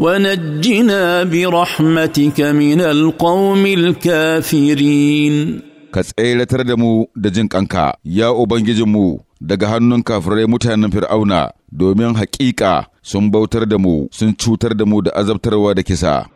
ونجنا برحمتك من القوم الكافرين ka tseratar da mu da jin kanka ya ubangijinmu daga hannun kafirai mutanen fir'auna domin haƙiƙa sun bautar da mu sun cutar da mu da azabtarwa da kisa